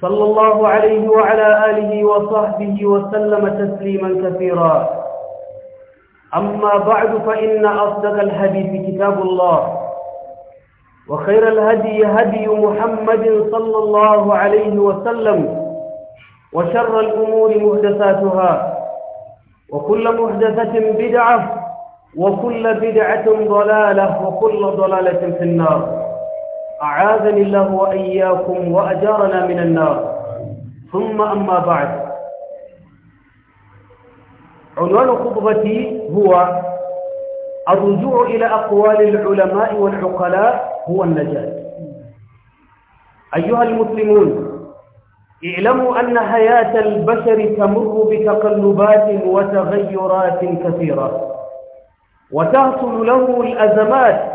صلى الله عليه وعلى آله وصحبه وسلم تسليما كثيرا أما بعد فإن أصدق الحديث كتاب الله وخير الهدي هدي محمد صلى الله عليه وسلم وشر الأمور محدثاتها وكل محدثة بدعة وكل بدعة ضلالة وكل ضلالة في النار أعاذني الله وإياكم وأجارنا من النار ثم أما بعد عنوان خطبتي هو الرجوع إلى أقوال العلماء والعقلاء هو النجاة أيها المسلمون اعلموا أن حياة البشر تمر بتقلبات وتغيرات كثيرة وتحصل له الأزمات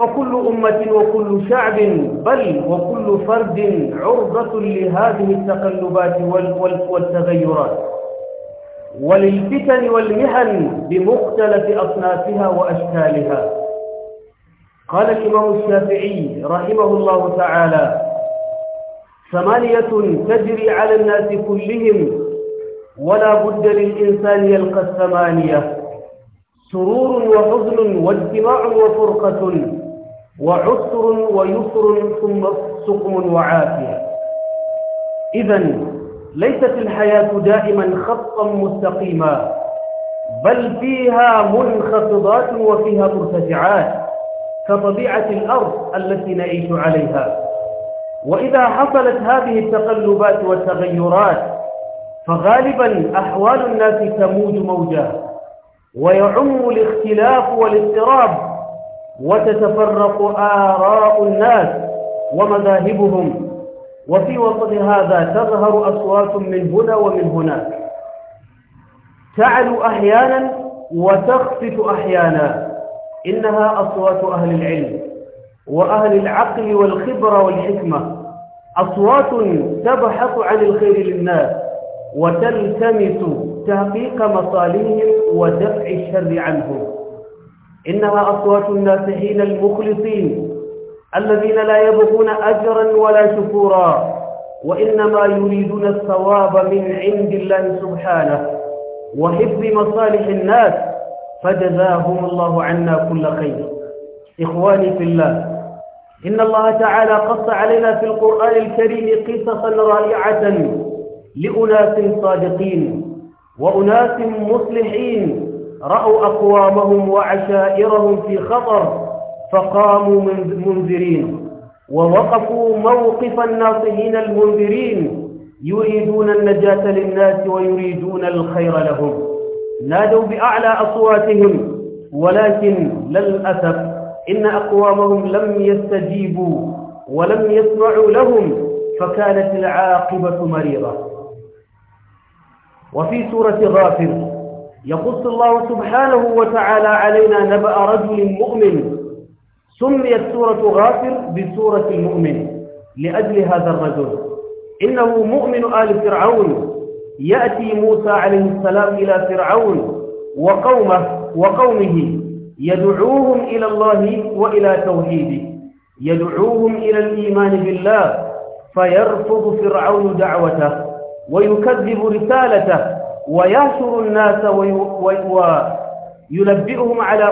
وكل أمة وكل شعب بل وكل فرد عرضة لهذه التقلبات والتغيرات وللفتن والمهن بمختلف أصنافها وأشكالها قال الإمام الشافعي رحمه الله تعالى ثمانية تجري على الناس كلهم ولا بد للإنسان يلقى الثمانية سرور وحزن واجتماع وفرقة وعسر ويسر ثم سقم وعافية إذا ليست الحياة دائما خطا مستقيما بل فيها منخفضات وفيها مرتفعات كطبيعة الأرض التي نعيش عليها وإذا حصلت هذه التقلبات والتغيرات فغالبا أحوال الناس تموج موجا ويعم الاختلاف والاضطراب وتتفرق آراء الناس ومذاهبهم وفي وسط هذا تظهر أصوات من هنا ومن هناك تعلو أحيانا وتخفت أحيانا إنها أصوات أهل العلم وأهل العقل والخبرة والحكمة أصوات تبحث عن الخير للناس وتلتمس تحقيق مصالحهم ودفع الشر عنهم إنما أصوات الناس حين المخلصين الذين لا يبغون أجرا ولا شكورا وإنما يريدون الثواب من عند الله سبحانه وحفظ مصالح الناس فجزاهم الله عنا كل خير إخواني في الله إن الله تعالى قص علينا في القرآن الكريم قصصا رائعة لأناس صادقين وأناس مصلحين رأوا أقوامهم وعشائرهم في خطر فقاموا منذرين ووقفوا موقف الناصحين المنذرين يريدون النجاة للناس ويريدون الخير لهم نادوا بأعلى أصواتهم ولكن للأسف إن أقوامهم لم يستجيبوا ولم يسمعوا لهم فكانت العاقبة مريضة وفي سورة غافر يقص الله سبحانه وتعالى علينا نبأ رجل مؤمن سميت سورة غافر بسورة المؤمن لأجل هذا الرجل إنه مؤمن آل فرعون يأتي موسى عليه السلام إلى فرعون وقومه وقومه يدعوهم إلى الله وإلى توحيده يدعوهم إلى الإيمان بالله فيرفض فرعون دعوته ويكذب رسالته ويحشر الناس وينبئهم على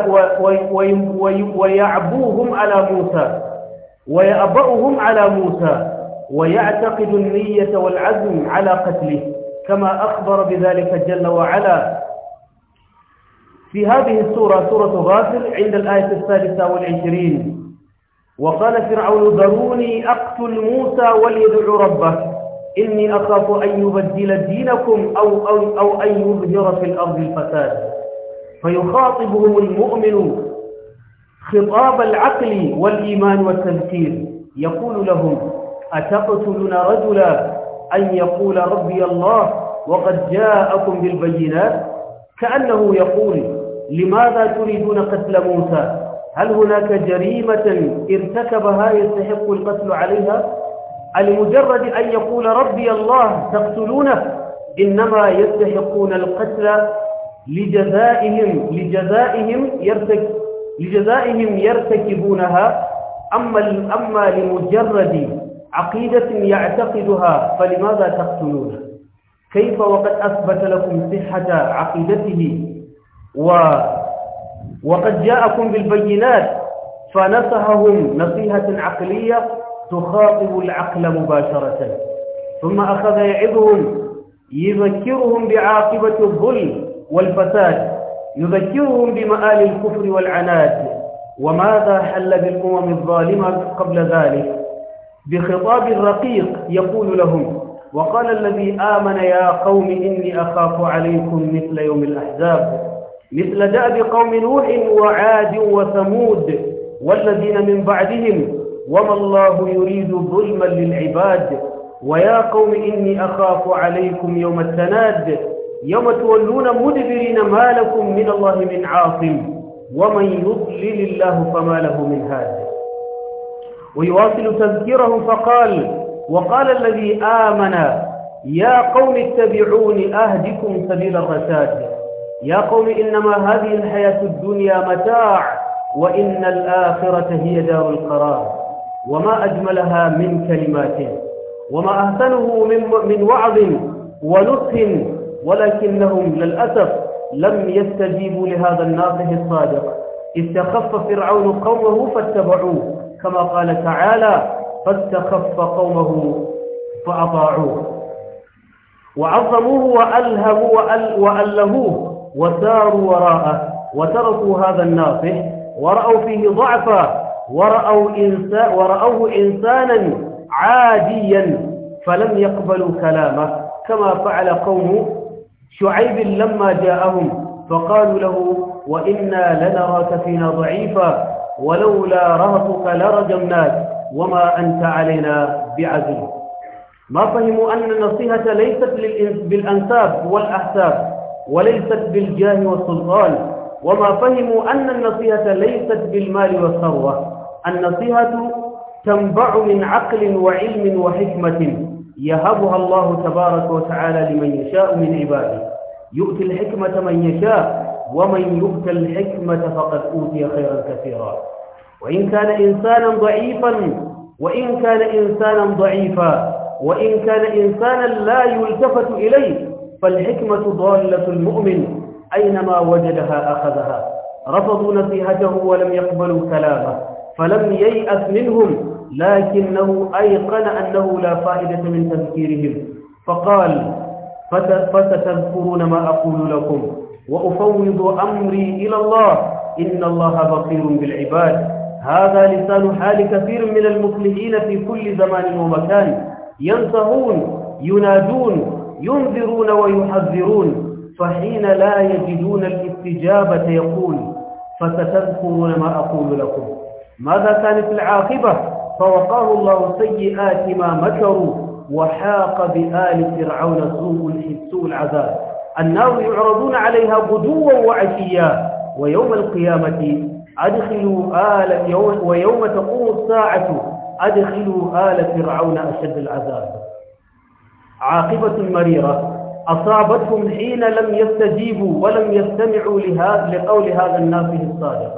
ويعبوهم على موسى ويأبأهم على موسى ويعتقد النية والعزم على قتله كما أخبر بذلك جل وعلا في هذه السورة سورة غافر عند الآية الثالثة والعشرين وقال فرعون ذروني أقتل موسى وليدعو ربه إني أخاف أن يبدل دينكم أو, أو, أو أن يظهر في الأرض الفساد فيخاطبهم المؤمن خطاب العقل والإيمان والتذكير يقول لهم أتقتلون رجلا أن يقول ربي الله وقد جاءكم بالبينات كأنه يقول لماذا تريدون قتل موسى هل هناك جريمة ارتكبها يستحق القتل عليها؟ المجرد أن يقول ربي الله تقتلونه إنما يستحقون القتل لجزائهم لجزائهم يرتك لجزائهم يرتكبونها أما أما لمجرد عقيدة يعتقدها فلماذا تقتلونه كيف وقد أثبت لكم صحة عقيدته و وقد جاءكم بالبينات فنصحهم نصيحة عقلية تخاطب العقل مباشرة ثم أخذ يعظهم يذكرهم بعاقبة الظلم والفساد يذكرهم بمآل الكفر والعناد وماذا حل بالأمم الظالمة قبل ذلك بخطاب رقيق يقول لهم وقال الذي آمن يا قوم إني أخاف عليكم مثل يوم الأحزاب مثل دأب قوم نوح وعاد وثمود والذين من بعدهم وما الله يريد ظلما للعباد ويا قوم إني أخاف عليكم يوم التناد يوم تولون مدبرين ما لكم من الله من عاصم ومن يضلل الله فما له من هاد ويواصل تذكيره فقال وقال الذي آمن يا قوم اتبعون أهدكم سبيل الرشاد يا قوم إنما هذه الحياة الدنيا متاع وإن الآخرة هي دار القرار وما أجملها من كلماته وما أحسنه من, من وعظ ونصح ولكنهم للأسف لم يستجيبوا لهذا الناصح الصادق استخف فرعون قومه فاتبعوه كما قال تعالى فاستخف قومه فأطاعوه وعظموه وألهموا وألهوه وساروا وراءه وتركوا هذا الناصح ورأوا فيه ضعفا ورأوا إنسا ورأوه إنسانا عاديا فلم يقبلوا كلامه كما فعل قوم شعيب لما جاءهم فقالوا له وإنا لنراك فينا ضعيفا ولولا رهطك لرجمناك وما أنت علينا بعزل ما فهموا أن النصيحة ليست بالأنساب والأحساب وليست بالجاه والسلطان وما فهموا أن النصيحة ليست بالمال والثروة النصيحة تنبع من عقل وعلم وحكمة يهبها الله تبارك وتعالى لمن يشاء من عباده يؤتي الحكمة من يشاء ومن يؤت الحكمة فقد أوتي خيرا كثيرا وإن كان إنسانا ضعيفا وإن كان إنسانا ضعيفا وإن كان إنسانا لا يلتفت إليه فالحكمة ضالة المؤمن أينما وجدها أخذها رفضوا نصيحته ولم يقبلوا كلامه فلم ييأس منهم لكنه أيقن أنه لا فائدة من تذكيرهم فقال فستذكرون ما أقول لكم وأفوض أمري إلى الله إن الله بصير بالعباد هذا لسان حال كثير من المفلحين في كل زمان ومكان ينتهون ينادون ينذرون ويحذرون فحين لا يجدون الاستجابة يقول فستذكرون ما أقول لكم ماذا كانت العاقبة فوقاه الله سيئات ما مكروا وحاق بآل فرعون سوء سوء العذاب النار يعرضون عليها غدوا وعشيا ويوم القيامة أدخلوا آل يوم ويوم تقوم الساعة أدخلوا آل فرعون أشد العذاب عاقبة مريرة أصابتهم حين لم يستجيبوا ولم يستمعوا لهذا لقول هذا النافذ الصادق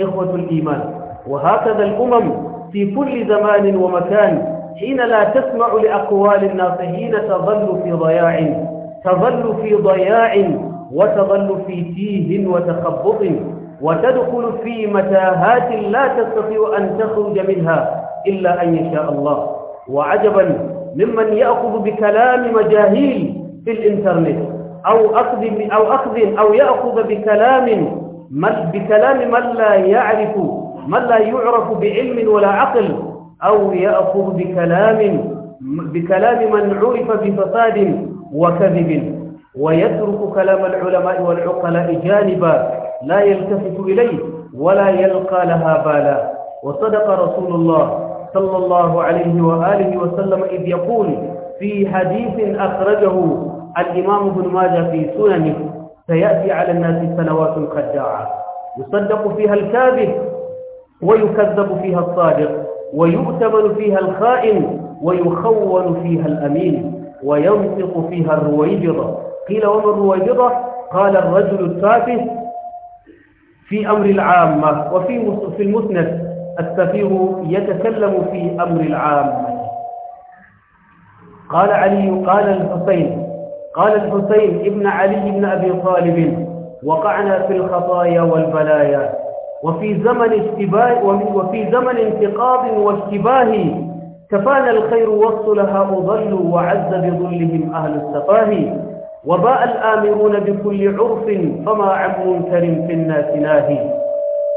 إخوة الإيمان وهكذا الأمم في كل زمان ومكان حين لا تسمع لأقوال الناصحين تظل في ضياع تظل في ضياع وتظل في تيه وتخبط وتدخل في متاهات لا تستطيع أن تخرج منها إلا أن يشاء الله وعجبا ممن يأخذ بكلام مجاهيل في الإنترنت أو أخذ أو أخذ أو يأخذ بكلام من بكلام من لا يعرف من لا يعرف بعلم ولا عقل أو يأخذ بكلام بكلام من عرف بفساد وكذب ويترك كلام العلماء والعقلاء جانبا لا يلتفت إليه ولا يلقى لها بالا وصدق رسول الله صلى الله عليه وآله وسلم إذ يقول في حديث أخرجه الإمام ابن ماجه في سننه سيأتي على الناس سنوات قد يصدق فيها الكاذب ويكذب فيها الصادق ويؤتمن فيها الخائن ويخون فيها الأمين وينطق فيها الرويبضة قيل وما الرويبضة قال الرجل التافه في أمر العامة وفي في المسند السفير يتكلم في أمر العامة قال علي قال الحسين قال الحسين ابن علي بن أبي طالب وقعنا في الخطايا والبلايا وفي زمن اشتباه وفي زمن انتقاض واشتباه كفانا الخير والصلهاء أضل وعز بظلهم أهل السفاه وباء الآمرون بكل عرف فما عم منكر في الناس ناهي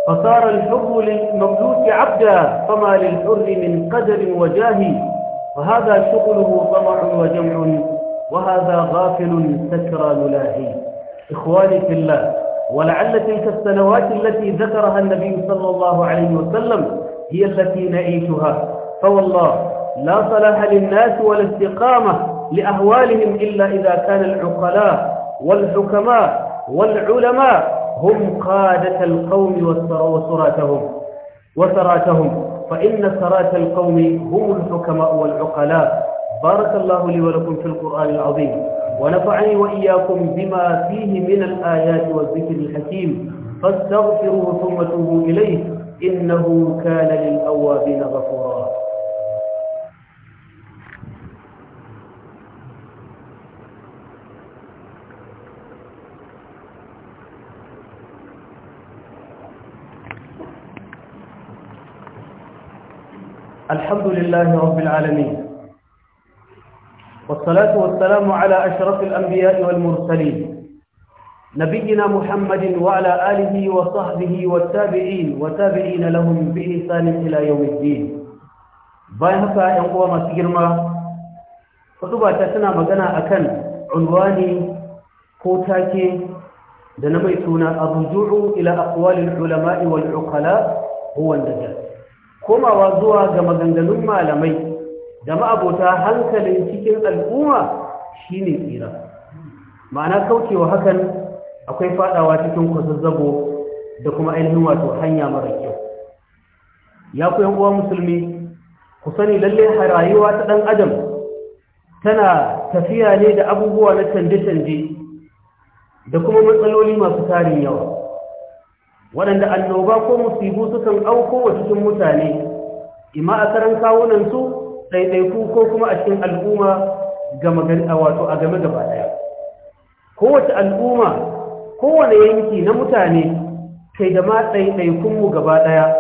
فصار الحر للمملوك عبدا فما للحر من قدر وجاه فهذا شغله طمع وجمع وهذا غافل سكران لاهي إخواني في الله ولعل تلك السنوات التي ذكرها النبي صلى الله عليه وسلم هي التي نعيشها فوالله لا صلاح للناس ولا استقامة لأهوالهم إلا إذا كان العقلاء والحكماء والعلماء هم قادة القوم وسراتهم وسراتهم فإن سرات القوم هم الحكماء والعقلاء بارك الله لي ولكم في القرآن العظيم ونفعني وإياكم بما فيه من الآيات والذكر الحكيم فاستغفروه ثم توبوا إليه إنه كان للأوابين غفورا الحمد لله رب العالمين والصلاة والسلام على أشرف الأنبياء والمرسلين نبينا محمد وعلى آله وصحبه والتابعين وتابعين لهم بإنسان إلى يوم الدين بايهكا ينقوى ما سجرما فتبا تسنى مغنى أكن عنواني كوتاكي دنميتنا الرجوع إلى أقوال العلماء والعقلاء هو النجاة كما وزوى كما غنغنما لميت da ma'abota hankalin cikin al'umma shine tsira ma'ana kaucewa hakan akwai fadawa cikin kwazazzabo da kuma ainihin wato hanya mara kyau ya ku yan uwa musulmi ku sani lalle rayuwa ta dan adam tana tafiya ne da abubuwa na canje-canje da kuma matsaloli masu tarin yawa waɗanda annoba ko musibu sukan auko wa cikin mutane ima a karan kawunansu ɗaiɗaiku ko kuma a cikin al'umma gari a wato a game gaba ɗaya kowace al'umma kowane yanki na mutane kai da ma ɗaiɗaikunmu gaba ɗaya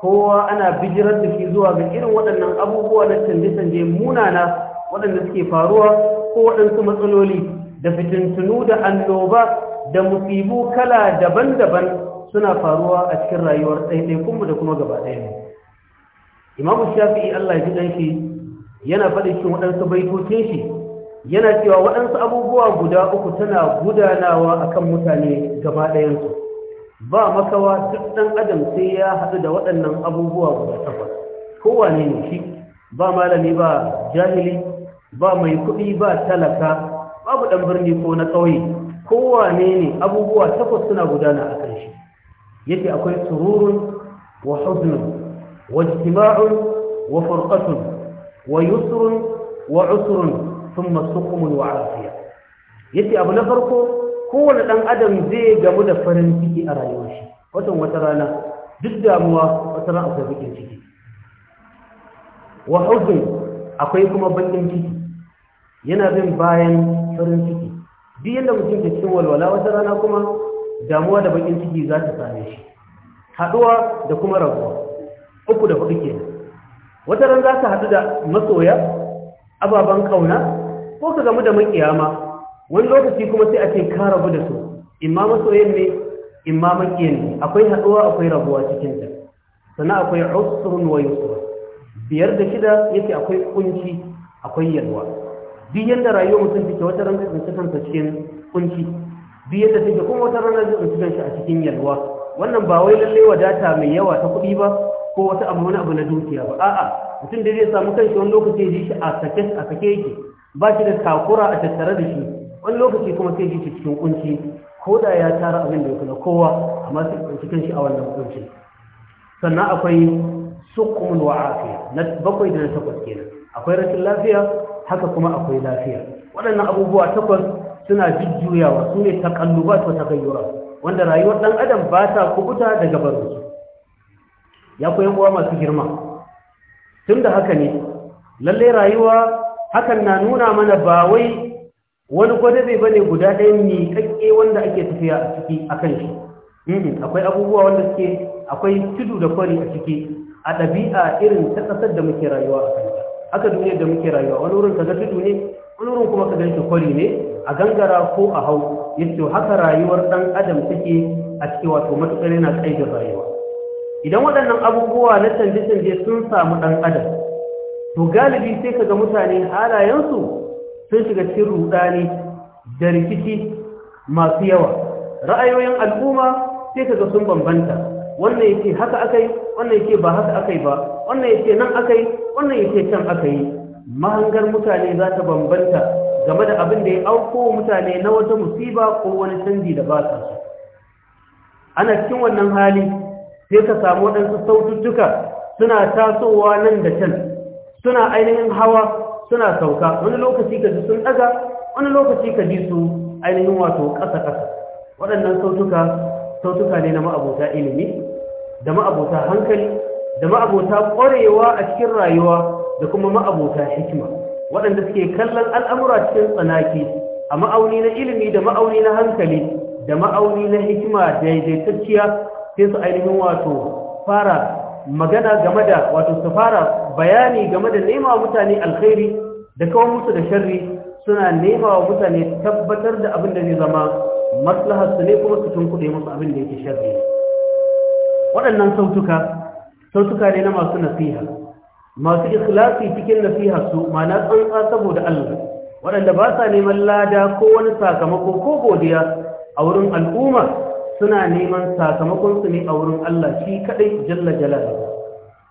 kowa ana bijirar da shi zuwa ga irin waɗannan abubuwa na canje-canje munana waɗanda suke faruwa ko waɗansu matsaloli da fitintunu da annoba da musibu kala daban-daban suna faruwa a cikin rayuwar ɗaiɗaikunmu da kuma gaba ɗaya imamu shafi'i allah ji shi. yana faɗi cikin waɗansu baitocin shi yana cewa waɗansu abubuwa guda uku tana gudanawa akan mutane gaba ɗayansu ba makawa duk ɗan adam sai ya haɗu da waɗannan abubuwa guda takwas kowane ne shi ba malami ba jahili ba mai kuɗi ba talaka babu ɗan birni ko na ƙauye kowane ne abubuwa takwas suna gudana a kan shi yake akwai sururun wa huznun wa jima'un wa furqatun wa yusrun wa usrun thumma suqmun wa afiya yace abu na farko kowane ɗan adam zai gamu da farin ciki a rayuwar shi wata rana duk damuwa wata rana akwai bakin ciki wa huzn akwai kuma bakin ciki yana bin bayan farin ciki duk yadda mutum ke cikin walwala wata rana kuma damuwa da bakin ciki za ta same shi haɗuwa da kuma rabuwa uku da hudu kenan wata ran za ta haɗu da masoya ababen kauna ko ka gamu da makiyama wani lokaci kuma sai a ce ka rabu da su imma masoyan ne imma makiyan ne akwai haɗuwa akwai rabuwa cikin ta sana akwai usrun wa yusra biyar da shida yake akwai kunci akwai yalwa Biyan da rayuwar mutum take wata ran zai tsinci kansa cikin kunci duk da take kuma wata ran zai tsinci kansa a cikin yalwa wannan ba wai lalle wadata mai yawa ta kuɗi ba ko wata abu wani abu na dukiya ba a'a mutum da zai samu kanshi wani lokaci ya ji shi a sake a sake yake ba shi da takura a tattare da shi wani lokaci kuma sai ji shi cikin kunci ko da ya tara abin da ya kula kowa amma sai kunci kanshi a wannan kunci sannan akwai suqmul wa'afi na bakwai da na takwas kenan akwai rashin lafiya haka kuma akwai lafiya waɗannan abubuwa takwas suna jujjuyawa su ne takallubat wa takayyura wanda rayuwar ɗan adam ba ta kubuta daga barinsu ya koyan uwa masu girma tun da haka ne lallai rayuwa hakan na nuna mana ba wai wani gwadabe ba ne guda ɗaya miƙaƙƙe wanda ake tafiya a ciki a kan shi mm-hmm. akwai abubuwa wanda suke akwai tudu da kwari a ciki a ɗabi'a irin ta ƙasar da muke rayuwa a kanta haka duniya da muke rayuwa wani wurin kaga tudu ne wani wurin kuma kaga shi kwari ne a gangara ko a hau yace haka rayuwar ɗan adam take a cikin wato matuƙar yana ƙaidar rayuwa idan waɗannan abubuwa na canje-canje sun samu ɗan adam to galibi sai ga mutane halayensu sun shiga cikin rudani da rikici masu yawa ra'ayoyin al'umma sai kaga sun bambanta wannan yake haka aka yi, wannan yake ba haka aka yi ba wannan yake nan aka yi, wannan yake can aka yi. mahangar mutane za ta bambanta game da abin da ya auko mutane na wata musiba ko wani canji da ba ana cikin wannan hali sai ka samu waɗansu saututtuka suna tasowa nan da can suna ainihin hawa suna sauka wani lokaci ka ji sun ɗaga wani lokaci ka ji su ainihin wato ƙasa-ƙasa waɗannan sautuka sautuka ne na ma'abota ilimi da ma'abota hankali da ma'abota ƙwarewa a cikin rayuwa da kuma ma'abota hikima waɗanda suke kallon al'amura cikin tsanaki a ma'auni na ilimi da ma'auni na hankali da ma'auni na hikima daidaitacciya sai su ainihin wato fara magana game da wato su fara bayani game da nema mutane alkhairi da kawo musu da sharri suna nema wa mutane tabbatar da abin da zai zama maslahar su ne kuma su tunkuɗe musu abin da yake sharri waɗannan sautuka sautuka ne na masu nasiha masu ikhlasi cikin nasiha su ma'ana tsantsa saboda Allah waɗanda ba sa neman lada ko wani sakamako ko godiya a wurin al'umma suna neman sakamakonsu ne a wurin Allah shi kaɗai jalla jalaluhu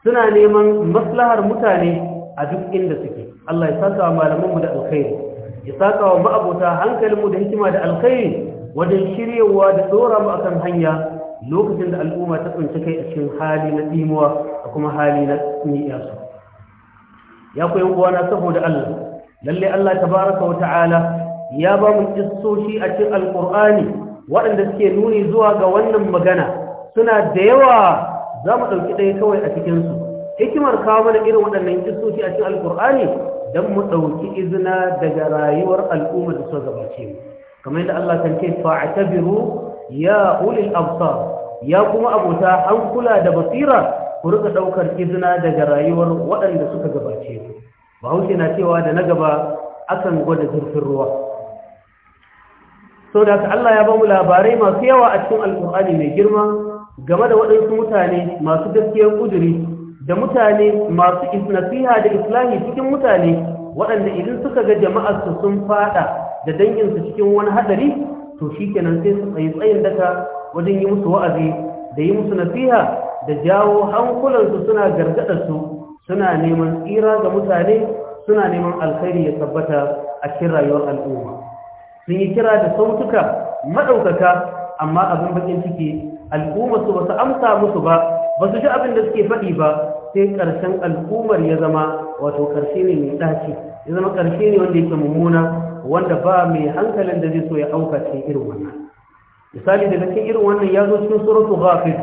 suna neman maslahar mutane a duk inda suke Allah ya saka wa malaman mu da alkhairi ya saka wa ma'abota hankalin mu da hikima da alkhairi wajen shiryawa da dora mu akan hanya lokacin da al'umma ta tsinci kai a cikin hali na dimuwa da kuma hali na su. ya koyi uwana saboda Allah lalle Allah tabaraka wa ta'ala ya ba mu kissoshi a cikin alqur'ani waɗanda suke nuni zuwa ga wannan magana suna da yawa za mu ɗauki ɗaya kawai a cikinsu hikimar kawo mana irin waɗannan kisoci a cikin alkur'ani don mu ɗauki izina daga rayuwar al'umma da suka gabace mu kamar yadda Allah kan ce fa'tabiru ya ulil absar ya kuma abota an kula da basira ku rika ɗaukar izina daga rayuwar waɗanda suka gabace mu bahaushe na cewa da na gaba akan gwada zurfin ruwa So da Allah ya bamu labarai masu yawa a cikin alkur'ani mai girma game da waɗansu mutane masu gaskiyar ƙuduri da mutane masu nasiha da islahi cikin mutane waɗanda idan suka ga jama'arsu sun fada da danginsu cikin wani hadari to shi kenan sai su tsayi tsayin daka wajen yi musu wa'azi da yi musu nasiha da jawo hankulansu suna su, suna neman tsira ga mutane suna neman alkhairi ya tabbata a cikin rayuwar al'umma sun yi kira da sautuka maɗaukaka amma abin bakin ciki al'ummar su basu amsa musu ba ba su ji abin da suke faɗi ba sai ƙarshen al'ummar ya zama wato ƙarshe ne mai ɗaci ya zama ƙarshe ne wanda yake mummuna wanda ba mai hankalin da zai so ya auka cikin irin wannan misali daga cikin irin wannan ya zo cikin suratu ghafir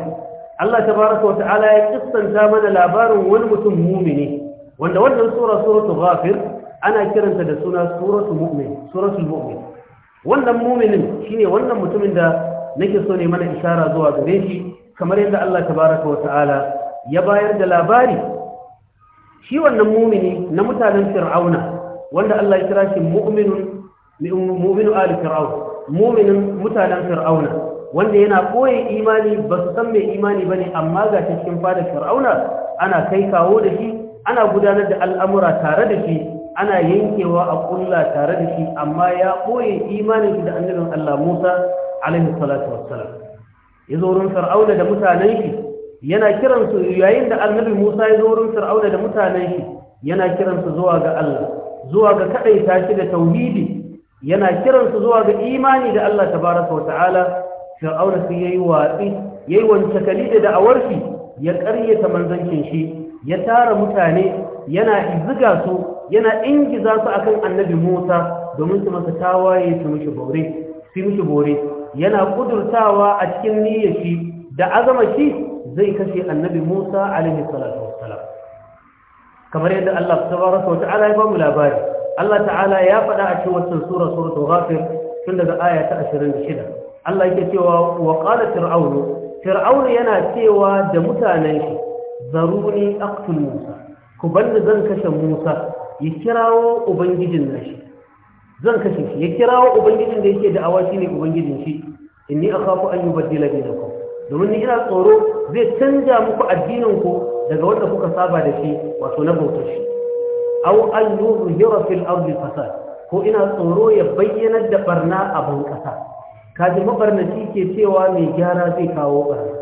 Allah tabaraka wa ta'ala ya kissanta mana labarin wani mutum mumini wanda wannan sura suratul ghafir ana kiranta da suna suratul mu'min suratul mu'min wannan muminin shine wannan mutumin da nake so ne mana ishara zuwa gare shi kamar yadda Allah tabaraka wa ta'ala ya bayar da labari shi wannan mumini na mutanen fir'auna wanda Allah ya kira shi mu'minun mu'minu ali fir'aun muminin mutanen fir'auna wanda yana koyi imani ba su san mai imani bane amma ga cikin fadar fir'auna ana kai kawo da shi ana gudanar da al'amura tare da shi ana yankewa a kulla tare da shi amma ya koye imanin shi da annabin Allah Musa alaihi salatu wassalam ya zo wurin Fir'auna da mutanen shi yana kiran su yayin da annabi Musa ya zo wurin Fir'auna da mutanen shi yana kiran su zuwa ga Allah zuwa ga ta shi da tauhidi yana kiran su zuwa ga imani da Allah tabaraka wataala Fir'auna sai yayi watsi yayi wancakali da da'awar shi ya ƙaryata manzancin shi ya tara mutane yana izuga su yana ingiza su akan annabi Musa domin su masa tawaye su mishi bore su mishi bore yana kudurtawa a cikin niyyar shi da azama shi zai kashe annabi Musa alaihi salatu wassalam kamar yadda Allah tabaraka wa ta'ala ya bamu labari Allah ta'ala ya faɗa a cikin wannan sura suratul ghafir tun daga aya ta 26 Allah yake cewa wa qala fir'aunu fir'aunu yana cewa da mutanen shi zaruni aqtul Musa ku banda zan kashe Musa ya kirawo ubangijin nashi zan kashe shi ya kirawo ubangijin da yake da'awa shine ubangijin shi inni akhafu an yubaddila dinakum domin ni ina tsoro zai canja muku addinin ku daga wanda kuka saba da shi wato na bautar shi aw an yawa fil ardi fasad ko ina tsoro ya bayyana da barna a ban kasa kaji mabarnaci ke cewa mai gyara zai kawo barna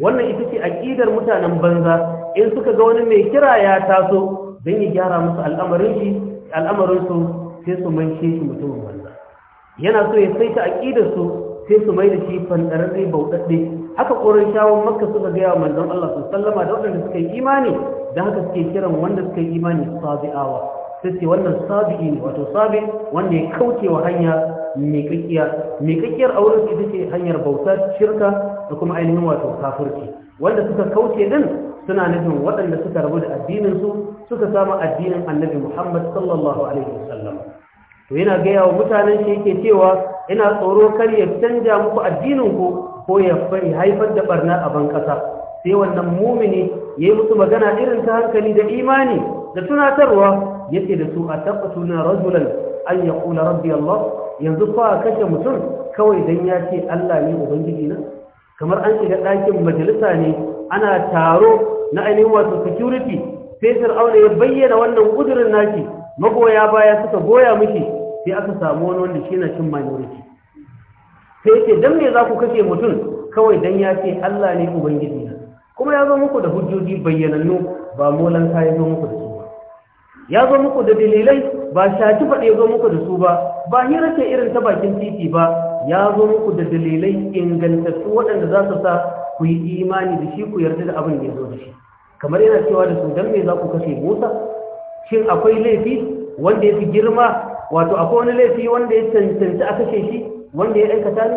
wannan ita ce aqidar mutanen banza in suka ga wani mai kira ya taso don ya gyara musu al'amarin shi al'amarin su sai su mai shi mutumin wanda. yana so ya saita aqidar su sai su mai da shi fandararre bauɗaɗɗe haka ƙorin shawon makka suka gaya wa manzon Allah su sallama da waɗanda suka yi imani da haka suke kiran wanda suka yi imani awa. sai ce wannan sabi'i ne wato sabi wanda ya kauce wa hanya miƙaƙiya miƙaƙiyar auren ita ce hanyar bautar shirka da kuma ainihin wato kafirci wanda suka kauce din suna nufin waɗanda suka rabu da addininsu suka samu addinin annabi muhammad sallallahu alaihi wasallam to yana gaya wa mutanen shi yake cewa ina tsoro kar ya canja muku addininku ko ya haifar da barna a ban ƙasa sai wannan mumini ya yi musu magana irin ta hankali da imani da tunatarwa ya ce da su a tabbatuna rajulan an ya ƙula rabbi allah yanzu fa kashe mutum kawai don ya ce allah ne ubangiji na kamar an shiga ɗakin majalisa ne ana taro na ainihin wato security sai fir'auna ya bayyana wannan kudurin naki, magoya baya suka goya miki sai aka samu wani wanda shi na cin minority sai ce dan me za ku kashe mutum kawai dan ya ce Allah ne ubangiji na kuma ya zo muku da hujjoji bayyanannu ba molan ya zo muku da su ba ya zo muku da dalilai ba faɗi ya zo muku da su ba ba hira ce irin ta bakin titi ba ya zo muku da dalilai ingantattu waɗanda za su sa ku yi imani da shi ku yarda da abin da ya zo da shi kamar yana cewa da su dan me za ku kashe musa shin akwai laifi wanda ya fi girma wato akwai wani laifi wanda ya cancanci a kashe shi wanda ya aikata ne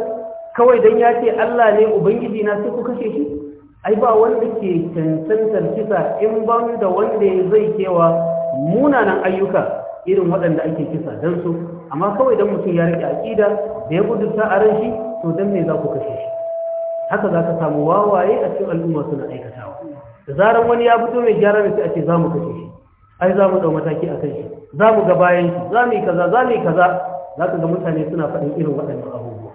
kawai dan ya ce allah ne ubangiji na sai ku kashe shi ai ba wanda ke cancantar kisa in ban da wanda zai kewa munanan ayyuka irin waɗanda ake kisa don su amma kawai dan mutum ya rike aqida da ya gudunta a ran shi to dan me za ku kashe shi haka za ka samu wawaye a cikin al'umma suna aikatawa da zarar wani ya fito mai gyara ne sai a ce za mu kashe shi ai za mu dau mataki a kan shi za mu ga bayan shi za mu yi kaza za mu yi kaza za ka ga mutane suna faɗin irin waɗannan abubuwa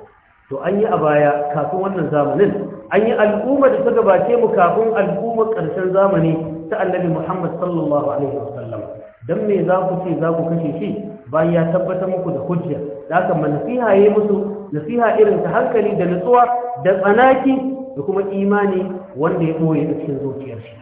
to an yi a baya kafin wannan zamanin an yi al'umma da ta gabace mu kafin al'ummar ƙarshen zamani ta annabi muhammad sallallahu alaihi wasallam dan me za ku ce za ku kashe shi bayan ya tabbatar muku da hujja da aka ma nasiha musu nasiha irin ta hankali da nutsuwa da tsanaki da kuma imani wanda ya boye a cikin zuciyar shi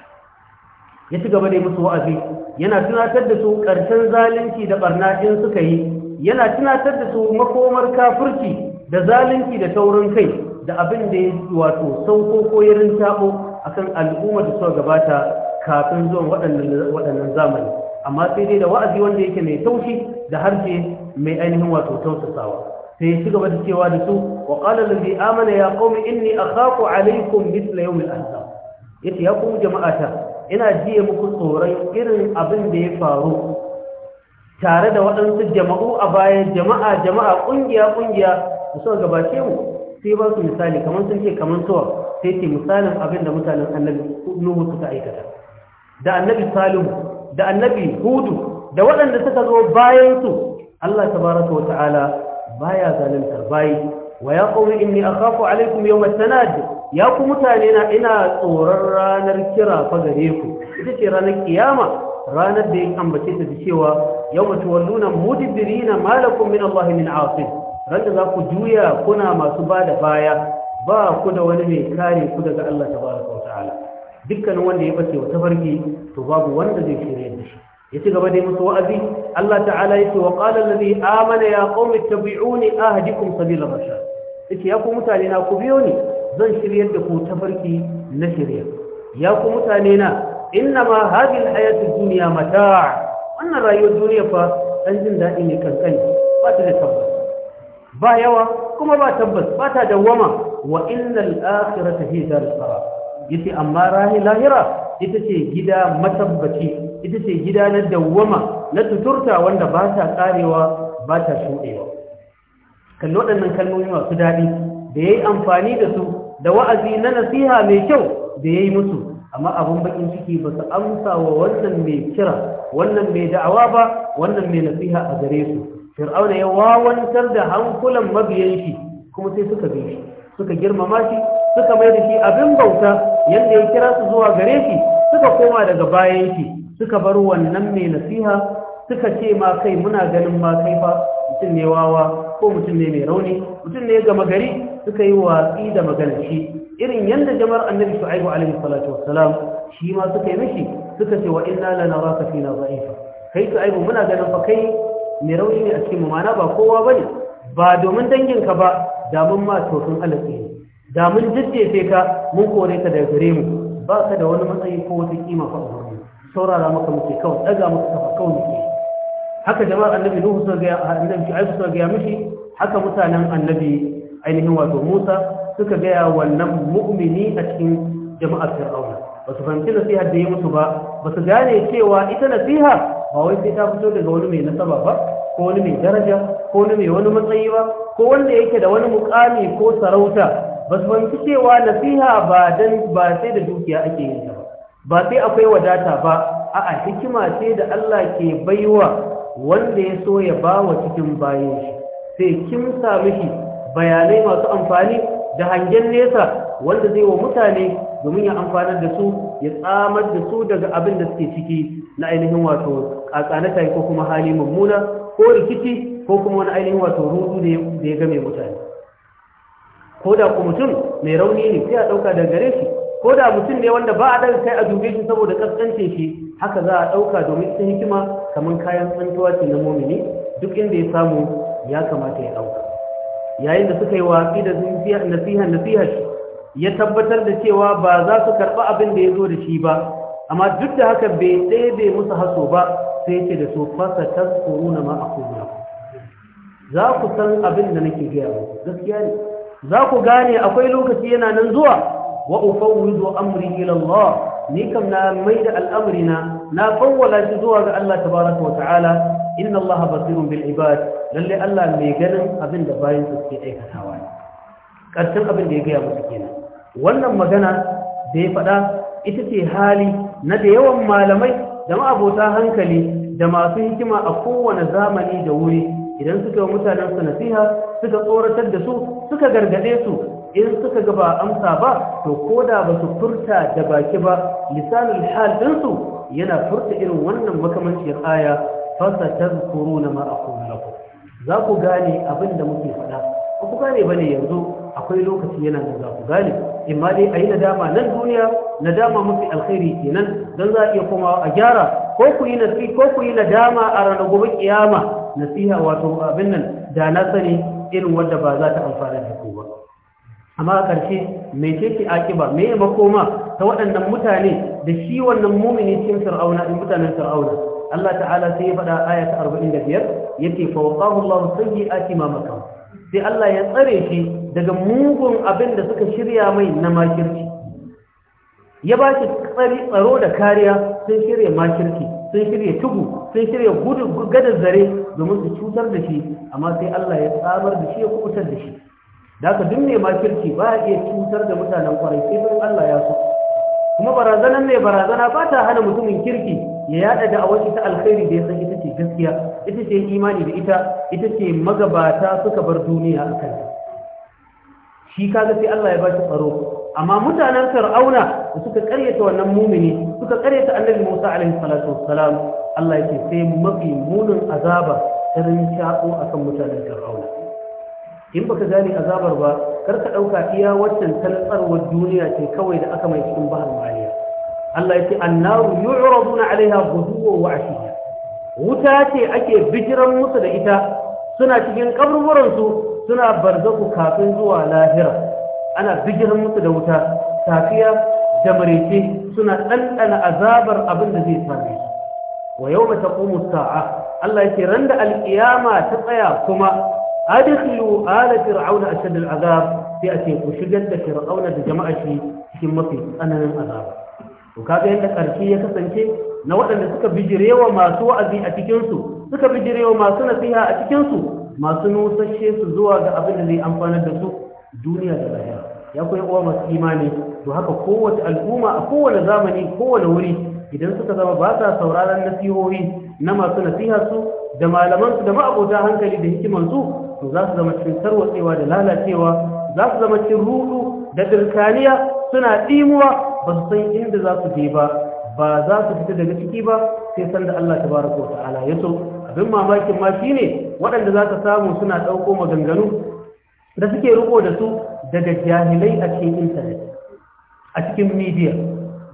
ya ci gaba da musu wa'azi yana tunatar da su ƙarshen zalunci da barna in suka yi yana tunatar da su makomar kafirci da zalunci da taurin kai da abin da ya wato sauko ko yarin tabo akan al'umma da suka gabata kafin zuwan waɗannan zamani amma sai dai da wa'azi wanda yake mai taushi da harshe mai ainihin wato tausasawa sai ya gaba da cewa da su wa qala allazi amana ya qaumi inni akhafu alaykum mithla yawm al-ahzab yace ya ku jama'ata ina jiye muku tsoron irin abin da ya faru tare da waɗansu jama'u a baya jama'a jama'a ƙungiya ƙungiya su so gabace mu sai ba su misali kamar sun ce kamar suwa sai ce misalin abin da mutanen annabi nuhu suka aikata da annabi salihu da annabi hudu da waɗanda suka zo bayan su Allah tabaraka wa ta'ala baya zaluntar bayi wa ya qawmi inni akhafu alaykum yawm at-tanad ya ku mutane na ina tsoron ranar kira fa gare ku ita ce ranar kiyama ranar da ya ambace ta cewa yawma tuwalluna mudbirina ma lakum min Allah min asib randa za ku juya kuna masu bada baya ba ku da wani mai kare ku daga Allah tabaraka wa ta'ala dukkanin wanda ya bace wa tafarki to babu wanda zai shirya da shi ya ci gaba da musu wa'azi Allah ta'ala ya ce wa qala allazi amana ya qaumi tabi'uni ahdikum sabila rashad yace ya ku mutane na ku biyo ni zan shirya da ku tafarki na shirya ya ku mutane na inna ma hadhihi alhayatu dunya mata' wannan rayuwar duniya fa dan jin dadi ne kankan. ba ta da tabbas ba yawa kuma ba tabbas ba ta dawama. wa innal akhirata hiya dar yace amma rahi lahira ita ce gida matabbaci ita ce gida na dawwama na tuturta wanda ba ta karewa ba ta shuɗewa kallo waɗannan kalmomi masu daɗi da ya yi amfani da su da wa'azi na nasiha mai kyau da ya yi musu amma abin bakin ciki ba su amsa wa wannan mai kira wannan mai da'awa ba wannan mai nasiha a gare su fir'auna ya wawantar da hankulan mabiyan shi kuma sai suka bi shi suka girmama shi suka mai da shi abin bauta yadda ya kira su zuwa gare shi suka koma daga bayan shi suka bar wannan mai nasiha suka ce ma kai muna ganin ma kai fa mutum ne wawa ko mutum ne mai rauni mutum ne gama gari suka yi watsi da maganar shi irin yadda jama'ar annabi shu'aibu alaihi salatu wassalam shi ma suka yi mishi suka ce wa inna lanaraka fina dha'ifa kai shu'aibu muna ganin fa kai mai rauni ne a cikin mu mana ba kowa bane ba domin danginka ba da mun ma tofin alaƙi da mun jiddefe ka mun kore ka daga gare mu ba ka da wani matsayi ko wata kima fa a saurara maka muke kawai daga maka kafa kawai muke haka jama'ar annabi nuhu suka ga annabi aisu suka ga mishi haka mutanen annabi ainihin wato Musa suka ga wannan mu'mini a cikin jama'ar Fir'auna ba su fahimci nasiha da ya mutu ba ba su gane cewa ita nasiha ba wai sai ta fito daga wani mai nasaba ba ko wani mai daraja ko wani mai wani matsayi ba ko wanda yake da wani mukami ko sarauta ba su fahimci cewa nasiha ba dan ba sai da dukiya ake yin ta ba sai akwai wadata ba a'a hikima ce da Allah ke baiwa wanda ya so ya ba wa cikin bayan shi sai kin sa mishi bayanai masu amfani da hangen nesa wanda zai wa mutane domin ya amfanar da su ya tsamar da su daga abin da suke ciki na ainihin wato ƙaƙanata ko kuma hali mummuna ko rikici ko kuma wani ainihin wato rudu da ya game mutane ko da ku mutum mai rauni ne sai a ɗauka daga gare shi ko da mutum ne wanda ba a ɗan kai a dube shi saboda kaskance shi haka za a ɗauka domin ita hikima kamar kayan tsantuwa ce na momini duk inda ya samu ya kamata ya ɗauka yayin da suka yi watsi da nasiha nasiha shi ya tabbatar da cewa ba za su karɓi abin da ya zo da shi ba amma duk da haka bai ɗaya bai musu haso ba sai yake da su fasa ma aqulu za ku san abin da nake gaya muku gaskiya ne za ku gane akwai lokaci yana nan zuwa wa ufawwidu amri ilallah ni kam na mai da al'amri na na fawwala shi zuwa ga Allah tabaraka wa ta'ala inna Allah basirun bil ibad lalle Allah mai ganin abin da bayin su ke aikatawa ne karshen abin da ya gaya musu kenan wannan magana da ya faɗa ita ce hali na da yawan malamai da abota hankali da masu hikima a kowane zamani da wuri idan suka yi mutanen su nasiha suka tsoratar da su suka gargade su in suka ga ba amsa ba to koda ba su furta da baki ba lisanin hal ɗinsu yana furta irin wannan makamancin aya fasa tazkuruna ma aqulu lakum za ku gane abin da muke faɗa ku gane bane yanzu akwai lokaci yana da za ku In ma dai a yi nadama nan duniya nadama mafi alkhairi kenan don za a iya komawa a gyara ko ku yi nasi ko ku yi nadama a ranar gobe kiyama nasiha wato abin nan da na sani irin wanda ba za ta amfana da ku ba amma a ƙarshe mai ce ki akiba me ya makoma ta waɗannan mutane da shi wannan mumini cikin fir'auna din mutanen fir'auna Allah ta'ala sai ya faɗa aya ta 45 yake fawqahu Allah sayyi'ati ma makam sai Allah ya tsare shi daga mugun abin da suka shirya mai na makirci ya ba shi tsaro da kariya sun shirya makirci sun shirya tugu sun shirya gudun zare domin su cutar da shi amma sai Allah ya tsamar da shi ya kubutar da shi da aka dunne makirci ba ya iya cutar da mutanen kwarai sai don Allah ya so kuma barazanar ne barazana ba ta hana mutumin kirki ya yada da awon ta alkhairi da ya san ita ce gaskiya ita ce imani da ita ita ce magabata suka bar duniya a kanta shi kaga sai Allah ya ba shi tsaro amma mutanen fir'auna da suka karyata wannan mumini suka karyata annabi Musa alaihi salatu wassalam Allah yake sai mafi munin azaba ta rinchaɓo akan mutanen fir'auna in baka gane azabar ba kar ka ɗauka iya waccan taltsarwar duniya ce kawai da aka mai cikin bahar maliya Allah yake annaru yu'raduna alaiha ghuduwa wa ashiya wuta ce ake bijiran musu da ita suna cikin kaburburansu suna barzaku kafin zuwa lahira ana bigirin musu da wuta safiya da marece suna ɗanɗana azabar abin da zai same su wa yau ta ƙumu sa'a Allah yake ran da alƙiyama ta tsaya kuma adikhilu ala fir'auna ashad al'azab sai a ce ku shigar da fir'auna da jama'a shi cikin mafi tsananin azaba to kaga yadda ƙarshe ya kasance na waɗanda suka bijirewa masu wa'azi a cikinsu. suka bijirewa masu nasiha a cikinsu. masu nusashe su zuwa ga abin da zai amfanar da su duniya da lahira ya koyi uwa masu imani to haka kowace al'umma a kowane zamani kowane wuri idan suka zama ba sa sauraron nasihohi na masu nasiha su da malaman su da ma'abota hankali da hikiman su to za su zama cikin tarwatsewa da lalacewa za su zama cikin rudu da dirkaniya suna ɗimuwa ba su san inda za su je ba ba za su fita daga ciki ba sai san da Allah tabaraka wa ta'ala ya so abin mamakin ma shi ne waɗanda za ka samu suna ɗauko maganganu da suke riko da su daga jahilai a cikin intanet a cikin media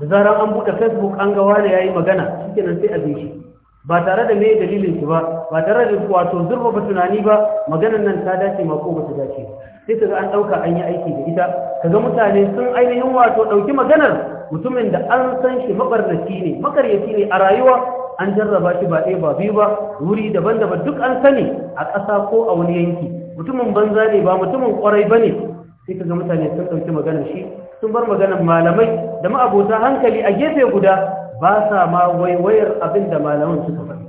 da zarar an buɗe facebook an ga da ya yi magana shi sai a shi ba tare da mai dalilin shi ba ba tare da wato zurfa ba tunani ba maganar nan ta dace ma ko ba ta dace sai kaga an ɗauka an yi aiki da ita Ka ga mutane sun ainihin wato ɗauki maganar mutumin da an san shi mabarnaci ne makaryaci ne a rayuwa an jarraba shi ba ɗaya ba biyu ba wuri daban-daban duk an sani a ƙasa ko a wani yanki mutumin banza ne ba mutumin ƙwarai ba ne sai ka ga mutane sun ɗauki maganar shi sun bar maganar malamai da ma'abota hankali a gefe guda ba sa ma waiwayar abin da malaman suka faɗi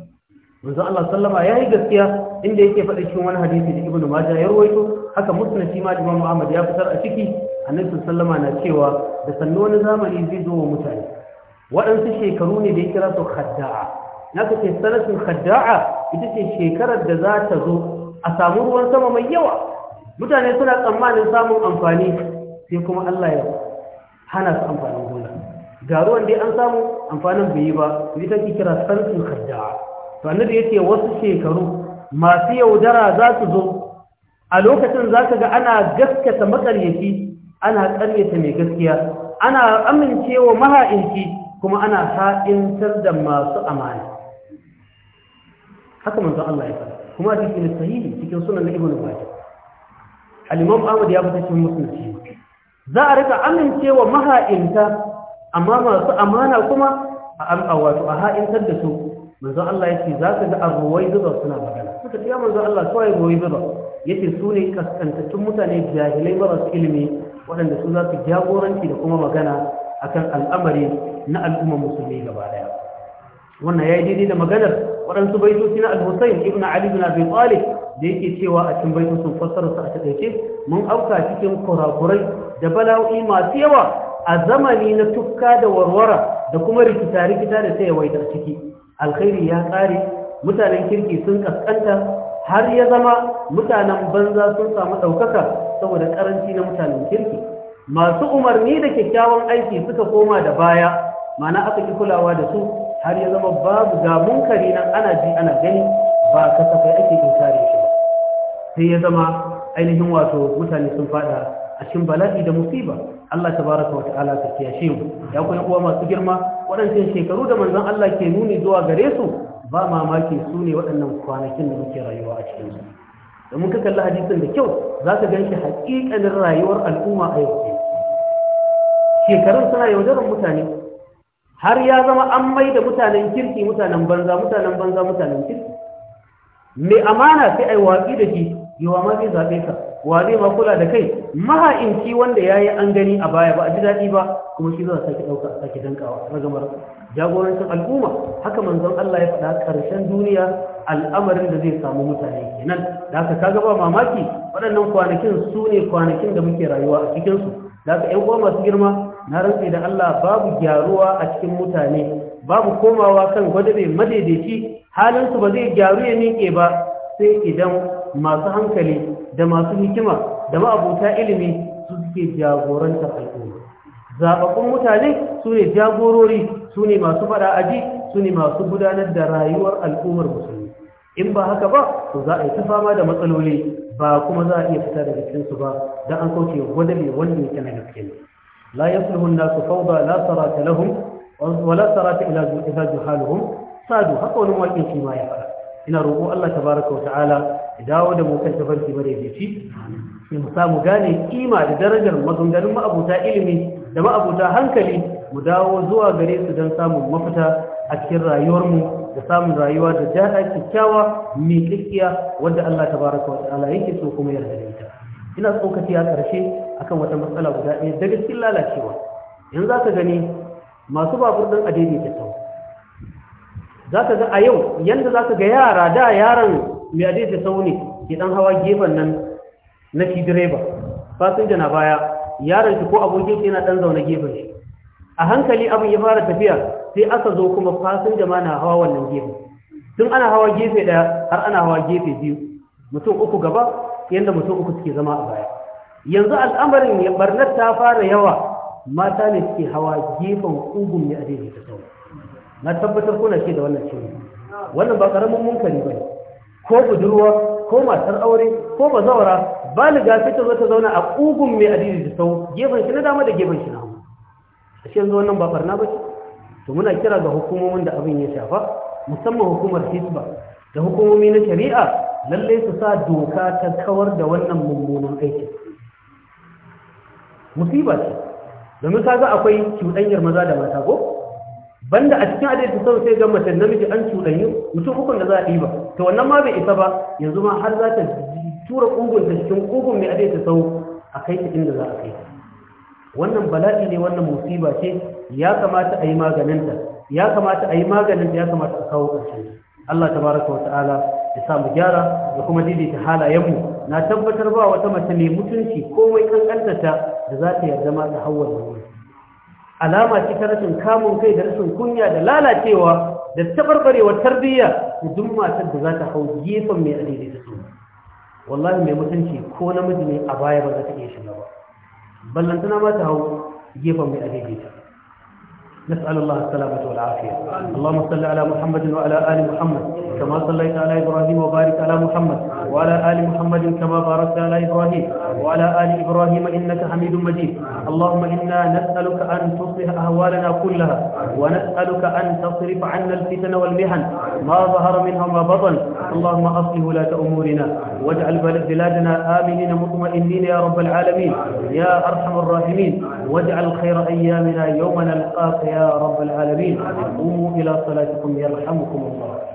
manzo Allah sallama ya yi gaskiya inda yake faɗi cikin wani hadisi da Ibn Majah ya rawaito haka Muslim shi ma Imam Ahmad ya fitar a ciki annabi sallama na cewa da sannu wani zamani zai zo wa mutane waɗansu shekaru ne da ya kira su khadda'a na ka ce sanatun khadda'a ita ce shekarar da za ta zo a samu ruwan sama mai yawa mutane suna tsammanin samun amfani sai kuma Allah ya hana su amfanin gona ga ruwan dai an samu amfanin bai yi ba ita ke kira sanatun khadda'a to annabi yace wasu shekaru masu yaudara za su zo a lokacin za ka ga ana gaskata makaryaci ana ƙaryata mai gaskiya ana amincewa maha'inci kuma ana sa'intar da masu amana haka manzo Allah ya faɗa kuma a cikin sahihi cikin sunan na ibnu majah al Ahmad ya fita cikin musnad za a rika amincewa maha'inta amma masu amana kuma a wato a ha'intar da su manzo Allah ya ce za ka ga abuwai zuba suna magana suka ce ya manzo Allah kawai goyi zuba yace su ne kaskantattun mutane jahilai maras ilimi waɗanda su za su jagoranci da kuma magana akan al'amari na al'ummar musulmi gaba daya wannan yi daidai da maganar waɗansu baitoci na al-Husayn ibn Ali ibn Abi Talib da yake cewa a cikin baitun sun fassara su a taƙaice mun auka cikin kurakurai da bala'o'i masu yawa a zamani na tukka da warwara da kuma rikita-rikita da ta yawaitar ciki alkhairi ya ƙare mutanen kirki sun kaskanta har ya zama mutanen banza sun samu ɗaukaka saboda ƙaranci na mutanen kirki masu umarni da kyakkyawan aiki suka koma da baya ma'ana aka ki kulawa da su har ya zama babu ga munkari nan ana ji ana gani ba kasafai ake inkari shi ba sai ya zama ainihin wato mutane sun fada a cikin bala'i da musiba Allah ta wa ta'ala ta kiyashe mu ya kuma uwa masu girma waɗancan shekaru da manzon Allah ke nuni zuwa gare su ba mamaki su ne waɗannan kwanakin da muke rayuwa a cikin su da ka kalli hadisin da kyau za ka gan shi rayuwar al'umma a yau shekarun suna yaudarar mutane har ya zama an mai da mutanen kirki mutanen banza mutanen banza mutanen kirki mai amana sai ai da ji yawa ma zai zaɓe ka wa ma kula da kai maha'inci wanda ya yi an gani a baya ba a ji daɗi ba kuma shi za a sake ɗauka a sake dankawa ragamar jagorancin al'umma haka manzon Allah ya faɗa ƙarshen duniya al'amarin da zai samu mutane kenan da haka kaga ba mamaki waɗannan kwanakin su ne kwanakin da muke rayuwa a cikinsu da haka ƴan uwa masu girma na rantsi da Allah babu gyaruwa a cikin mutane babu komawa kan gwadabe madaidaici halinsu ba zai gyaru ya miƙe ba sai idan masu hankali da masu hikima da ma'abuta ilimi su suke jagorantar al'umma zaɓaɓɓun mutane su ne jagorori su ne masu faɗa aji su ne masu gudanar da rayuwar al'ummar musulmi in ba haka ba to za a yi ta fama da matsaloli ba kuma za a iya fita daga cikinsu ba don an kauce gwadabe wanda yake na gaske لا يصلح الناس فوضى لا صلاة لهم ولا صلاة إلى جهالهم صادوا حقون والإن فيما يفعل إلى ربو الله تبارك وتعالى داود موكل تفرسي مريجيتي mu samu gane kima da darajar maganganun ma'abuta ilimi da ma'abuta hankali mu dawo zuwa gare su don samun mafita a cikin rayuwarmu da samun rayuwa da jada kyakkyawa mai kikkiya wadda Allah tabaraka wa ta'ala yake so kuma yarda da ina tsokaci a ƙarshe akan wata matsala guda ɗaya daga cikin lalacewa yanzu za ka gani masu babur ɗin adini ta tau za ka ga a yau yadda za ka ga yara da yaran mai adini ta tau ne ke ɗan hawa gefen nan na shi direba fasinja na baya yaran shi ko abokin shi yana ɗan zaune gefen shi a hankali abin ya fara tafiya sai aka zo kuma fasinja ma na hawa wannan gefen tun ana hawa gefe ɗaya har ana hawa gefe biyu mutum uku gaba yadda mutum uku suke zama a baya yanzu al'amarin ya barnar ta fara yawa mata ne suke hawa gefen ugun ne a daidaita sau na tabbatar kuna ce da wannan cewa wannan ba karamin munkari ba ne ko budurwa ko matar aure ko bazawara baliga sai ta zo ta zauna a ugun mai adini da sau gefen shi na dama da gefen shi na hagu a shi yanzu wannan ba farna ba ce to muna kira ga hukumomin da abin ya shafa musamman hukumar hisba da hukumomi na shari'a lallai su sa doka ta kawar da wannan mummunan aikin musiba ce domin ka ga akwai cuɗanyar maza da mata ko banda a cikin adadin sau sai ga mace namiji an cuɗanyi mutum hukun da za a ba. Ta wannan ma bai isa ba yanzu ma har za ta tura ƙugun ta cikin ƙugun mai adadin sau a kai ta inda za a kai wannan bala'i ne wannan musiba ce ya kamata a yi maganinta ya kamata a yi maganinta ya kamata a kawo ƙarshen Allah tabaraka wa ta'ala ya sa mu gyara da kuma daidaita halayenmu na tabbatar ba wata mace mai mutunci komai kankantata da za ta yarda ma ta hawar da wuri alama ce ta rashin kamun kai da rashin kunya da lalacewa da tabarbarewar tarbiyya da duk matar da za ta hau gefen mai adidai da su wallahi mai mutunci ko namiji ne a baya ba za ta iya shiga ba ballantana ma ta hau gefen mai adidai ta نسأل الله السلامة والعافية اللهم صل على محمد وعلى آل محمد كما صليت على إبراهيم وبارك على محمد وعلى آل محمد كما باركت على إبراهيم وعلى آل إبراهيم إنك حميد مجيد اللهم إنا نسألك أن تصلح أهوالنا كلها ونسألك أن تصرف عنا الفتن والمحن ما ظهر منها ما بطن اللهم أصلح ولاة أمورنا واجعل بلادنا آمنين مطمئنين يا رب العالمين يا أرحم الراحمين واجعل خير أيامنا يوم نلقاك يا رب العالمين قوموا إلى صلاتكم يرحمكم الله